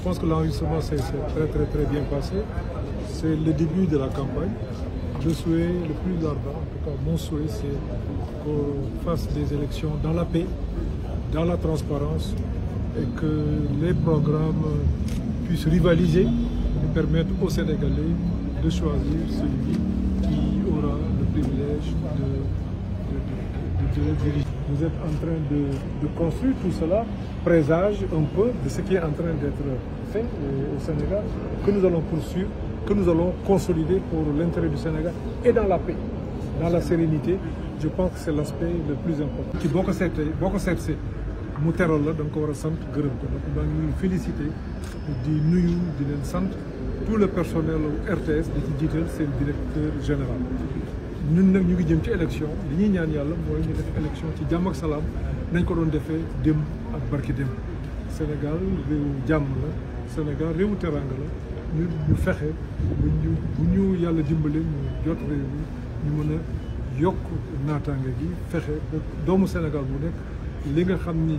Je pense que l'enregistrement s'est très très très bien passé. C'est le début de la campagne. Le souhait le plus ardent, en tout cas mon souhait, c'est qu'on fasse des élections dans la paix, dans la transparence et que les programmes puissent rivaliser et permettre aux Sénégalais de choisir celui Nous vous êtes en train de, construire tout cela, présage un peu de ce qui est en train d'être fait euh, au Sénégal, que nous allons poursuivre, que nous allons consolider pour l'intérêt du Sénégal et dans la paix, dans la sérénité. Je pense que c'est l'aspect le plus important. qui boo ko seetee boo mu teral la tout le personnel RTS di ci jiital directeur général. ñun nag ñu ngi jëm ci élection li ñuy ñaan yàlla mooy ñu def élection ci jàmm ak salaam nañ ko doon defee démb ak barki démb Sénégal réewu jàmm la Sénégal réewu teranga la ñu fexe bu ñu bu ñu yàlla dimbale ñu jot réew ñu mën a yokk naataange gi fexe doomu Sénégal bu nekk li nga xam ni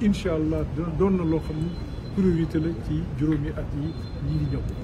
incha allah doon na loo xam ni priorité la ci juróomi at yi ñi ngi ñëw